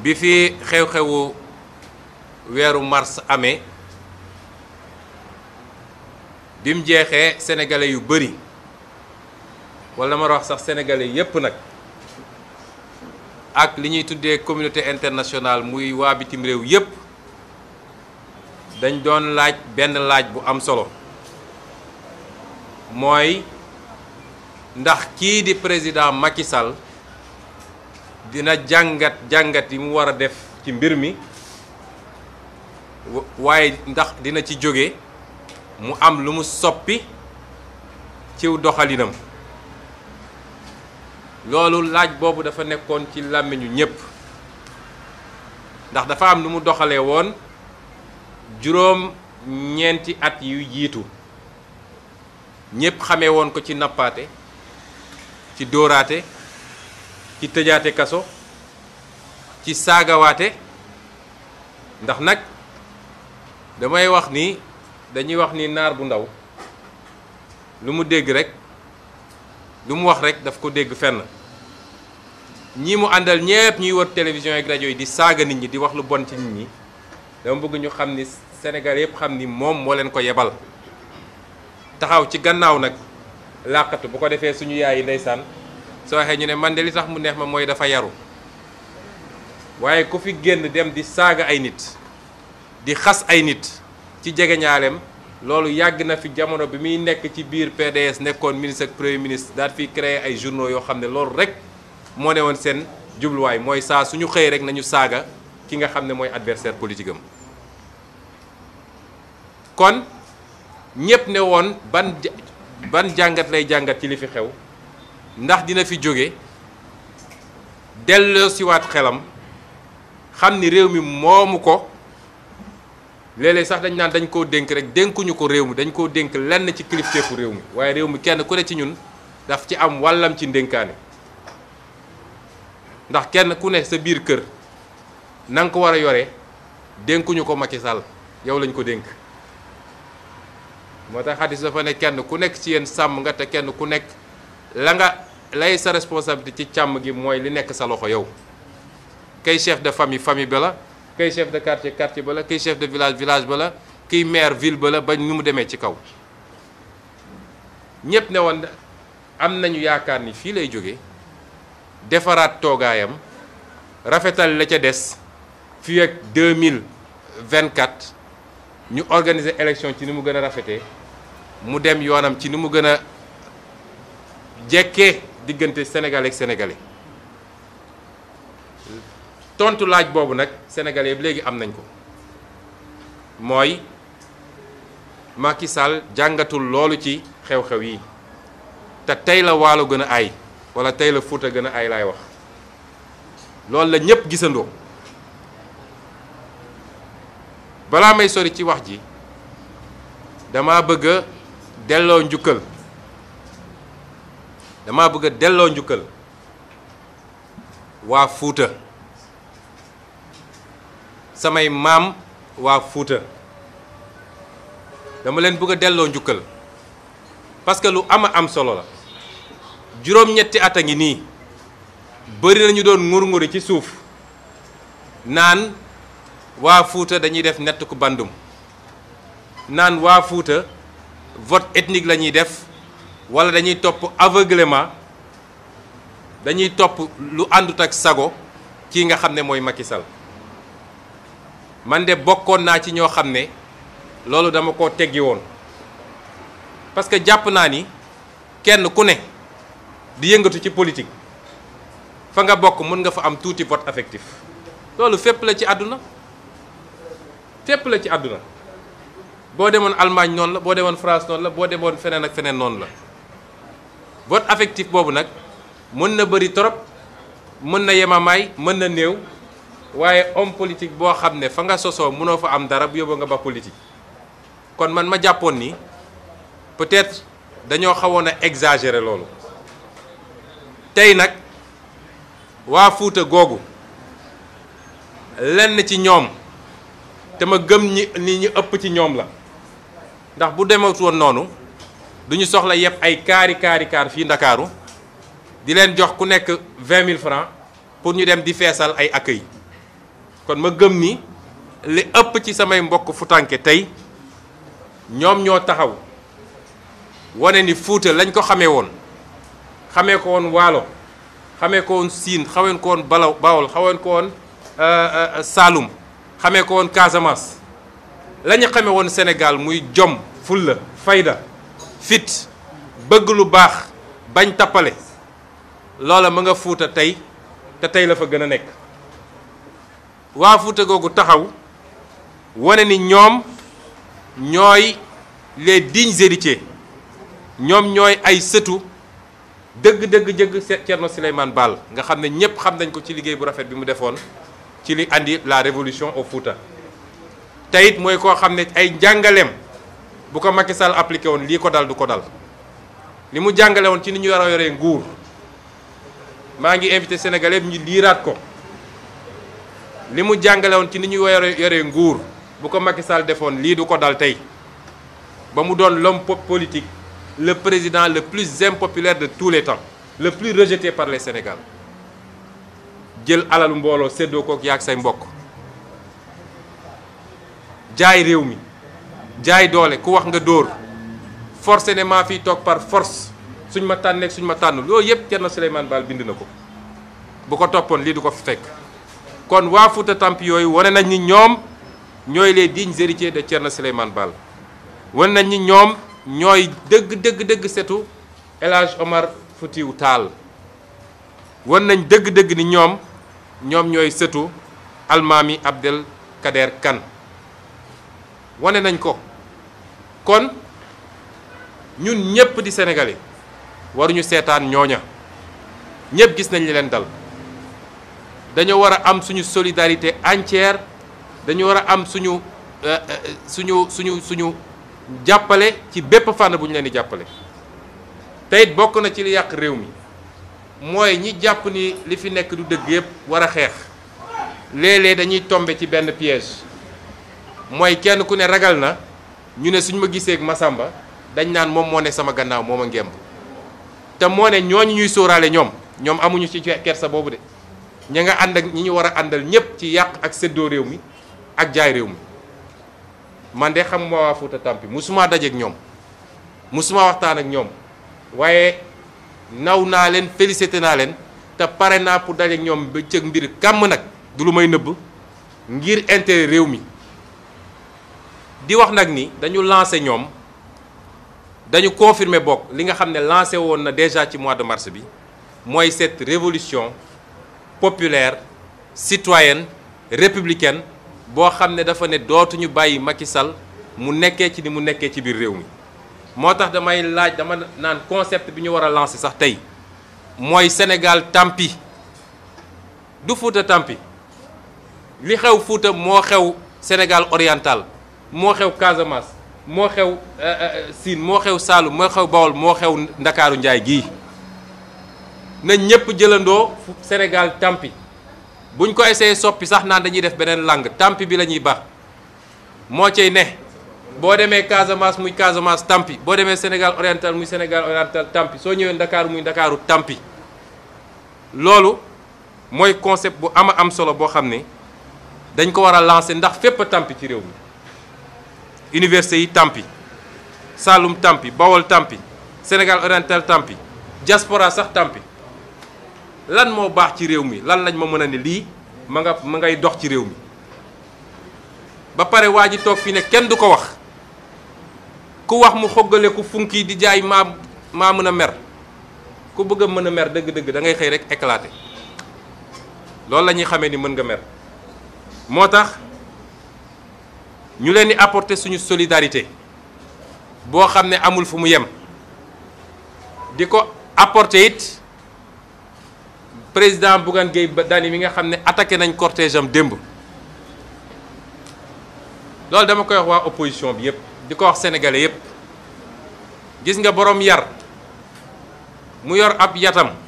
bi fi xew-xewu weeru mars amee bim jeexee sénégalais yu bëri wala ma wax sax sénégalais yépp nag ak li ñuy tuddee communauté internationale muy waa bitim réew yépp dañ doon laaj benn laaj bu am solo mooy ndax kii di président Macky dina jàngat jàngat yi mu war a def ci mbir mi waaye ndax dina ci jóge mu am lu mu soppi ciw doxalinam loolu laaj boobu dafa nekkoon ci làmmiñu ñépp ndax dafa am lu mu doxalee woon juróom ñeenti at yu jiitu ñépp xamee ko ci nappaate ci dóoraate ci tëjaate kaso ci saagawaate ndax nag damay wax ni dañuy wax ni naar bu ndaw lu mu dégg rek lu mu wax rek daf ko dégg fenn ñii mu àndal ñépp ñuy wër télévision ak rajo yi di saaga nit ñi di wax lu bon ci nit ñi dama bëgg ñu xam ni senegal yépp xam ni moom moo leen ko yebal taxaw ci gannaaw nag làqatu bu ko defee suñu yaay yi ndeysaan soo waxee ñu ne man de li tax mu neex ma mooy dafa yaru waaye ku fi génn dem di saaga ay nit di xas ay nit ci jege jegeñaaleem loolu yàgg na fi jamono bi muy nekk ci biir PDS nekkoon ministre ak premier ministre daal fi créé ay journaux yoo xam ne loolu rek moo ne woon seen jubluwaay mooy saa suñu xëyee rek nañu saaga ki nga xam ne mooy adversaire politique am kon ñépp ne woon ban ban jàngat lay jàngat ci li fi xew ndax dina fi jóge delloo xelam xam ni réew mi moomu ko léeg-léeg sax dañ naan dañ koo dénk rek dénkuñu ko réew mi dañ koo dénk lenn ci kilifteefu réew mi waaye réew mi kenn ku ne ci ñun daf ci am wàllam ci ndénkaane ndax kenn ku ne sa biir kër na ko war a yore dénkuñu ko Macky yow lañ ko dénk moo tax xadis dafa ne kenn ku nekk ci yenn sàmm nga te kenn ku nekk la nga lay sa responsabilité ci càmm gi mooy li nekk sa loxo yow kay chef de famille famille ba la kay chef de quartier quartier ba la kay chef de village village ba la kiy maire ville ba la ba nu mu demee ci kaw ñépp ne woon am nañu yaakaar ni fii lay jóge defaraat toogaayam rafetal la ca des mille vingt 2024 ñu organiser élection ci ni mu gën a rafetee mu dem yoonam ci ni mu gën a jekkee diggante sénégalais ak tontu laaj boobu nag sénégalais léegi am nañ ko mooy Macky Sall jàngatul loolu ci xew-xew yi te tey la waalo gën a ay wala tey la a gën a aay laay wax loolu la ñëpp gisandoo balaa may sori ci wax ji dama bëgg a delloo njukkal. dama bëgg a delloo njukkal waa Fuuta samay maam waa Fuuta dama leen bëgg a delloo njukkal parce que lu ama am solo la juróom-ñetti at a ngi nii bëri nañu doon ngur-nguri ci suuf naan waa Fuuta dañuy def nett ku bandum naan waa Fuuta vote ethnique la ñuy def wala dañuy topp aveuglement dañuy topp lu àndut ak sago kii nga xam ne mooy makisal man de bokkoon naa ci ñoo xam ne loolu dama ko teggi woon parce que jàpp naa ni kenn ku ne di yëngatu ci politique fa nga bokk mën nga fa am tuuti vote affectif loolu fépp la ci àdduna fépp la ci àdduna boo demoon Allemagne noonu la boo demoon France noonu la boo demoon feneen ak feneen noonu la vote affectif boobu nag mën na bëri trop mën na yemamaay mën na néew waaye homme politique boo xam ne fa nga sosoo mënoo fa am dara bu yóbboo nga ba politique kon man ma jàppoon ni peut-être dañoo xawoon a exagérer loolu tey nag waa Fuuta googu lenn ci ñoom te ma gëm ñi ni ëpp ci ñoom la ndax bu dematu woon noonu duñu soxla yëpp ay kaari kaari kaar fii ndakaaru di leen jox ku nekk vingt mille francs pour ñu dem di feesal ay accueil kon ma gëm ni li ëpp ci samay mbokk futanke tey ñoom ñoo taxaw wane ni Fuuta lañ ko xamee woon xamee ko woon waalo xamee ko woon siin xaween ko woon balaw bawol xaween ko woon euh, euh, saalum xamee ko woon Casamance la xamee woon Sénégal muy jom fulla fayda fit bëgg lu baax bañ tappale loola ma nga fuuta tey te tey la fa gën a nekk waa fuuta googu taxaw wane ni ñoom ñooy les dignes héritiers ñoom ñooy ay sëtu dëgg-dëgg jëgg Thierno Souleymane Baal nga xam ne ñépp xam nañ ko ci liggéey bu rafet bi mu defoon ci li andi la révolution au Fouta te it mooy koo xam ne ay njàngaleem bu ko Macky Sall woon lii ko dal du ko dal li mu jàngale woon ci ni ñu war a yoree nguur maa ngi invité sénégalais bi ñu liiraat ko li mu jàngale woon ci ni ñu war yore nguur bu ko Macky Sall defoon lii du ko dal tey ba mu doon l'homme politique le président le plus impopulaire de tous les temps le plus rejeté par les Sénégalais jël alalu mbooloo séddoo kook yaag say mbokk jaay réew mi jaay doole ku wax nga dóor forcé ne maa fiy toog par force suñ ma tànneeg suñ ma tànnul loolu yëpp Thierno Souleymane Baal bind na ko bu ko toppoon lii du ko fekk kon waa Fouta Tamp yooyu wane nañ ni ñoom ñooy les dignes héritiers de Thierno Souleymane Baal wane nañ ni ñoom ñooy dëgg dëgg dëgg setu El Hadj Omar Foutiou Tall wan nañ dëgg-dëgg ni ñoom ñoom ñooy sëtu almaami Abdel Kader kan wane nañ ko kon ñun ñépp di sénégalais waruñu seetaan ñooña ñépp gis nañ leen dal dañoo war a am suñu solidarité entière dañu war a am suñu euh, euh, suñu suñu suñu jàppale ci bépp fànn bu ñu leen di jàppale tey bokk na ci li yàq réew mi mooy ñi jàpp ni li fi nekk du dëgg yépp war a xeex léeg-léeg dañuy tombe ci benn piège mooy kenn ku ne ragal na ñu ne suñ ma gisee ak Masamba dañ naan moom moo ne sama gannaaw moom a ngemb te moo ne ñooñu ñuy sóoraale ñoom ñoom amuñu ci sa boobu de ña nga ànd ak ñi ñu war a àndal ñëpp ci yàq ak séddoo réew mi ak jaay réew mi man de xam ma waa Fuuta Tampi musuma dajeek ñoom musuma waxtaan ak ñoom waaye naw naa leen félicité naa leen te pare naa pour dajeek ñoom ba cëg mbir kàmm nag du lu may nëbb ngir intérêt réew mi di wax nag ni dañu lancé ñoom dañu confirmer bokk li nga xam ne lancé woon na déjà ci mois de mars bi mooy seet révolution populaire citoyenne républicain boo xam ne dafa ne dootuñu bàyyi Macky Sall mu nekkee ci ni mu nekkee ci biir réew mi moo tax damay laaj dama naan concept bi ñu war a lancer sax tey mooy Sénégal tampi du Fuuta tampi li xew Fuuta moo xew Sénégal oriental moo xew Casamance moo xew euh, euh, Sine moo xew Saalum moo xew Bawol moo xew Ndakaaru Njaay gii na ñépp jëlandoo Sénégal tampi buñ ko essayé soppi sax naa dañuy def beneen langue tampi bi la ñuy baax moo cay ne boo demee Casamance muy Casamance tampi boo demee Sénégal oriental muy Sénégal oriental tampi soo ñëwee Ndakaaru muy Ndakaaru tampi loolu mooy concept bu ama am solo boo xam ne dañ ko war a lancer ndax fépp a tampi ci réew mi université yi tampi Saloum tampi Bawol tampi Sénégal oriental tampi diaspora sax tampi lan moo baax ci réew mi lan lañ ma mën a ne lii ma nga ma ngay dox ci réew mi ba pare waa ji toog fi ne kenn du ko wax ku wax mu xoggale ku funki di jaay maa maa mën a mer ku bëgg a mën a mer dëgg-dëgg da ngay xëy rek éclater loolu lañuy ñuy xamee ni mën nga mer moo tax ñu leen di apporter suñu solidarité boo xam ne amul fu mu yem di ko apporter it président Bougane ba Dany mi nga xam ne attaqué nañ cortège am démb loolu dama koy wax waa opposition bi yëpp di ko wax sénégalais yëpp gis nga boroom yar mu yor ab yatam